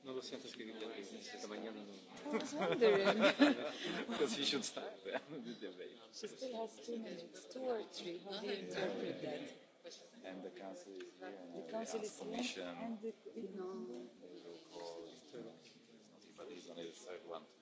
Non lo sento scrivere da business, questa mañana non. Because you should start there. She still has two minutes, two or three. How do you interpret that? And the council is here. The council is commission. And the, the, no. They will call. But he's only the third one.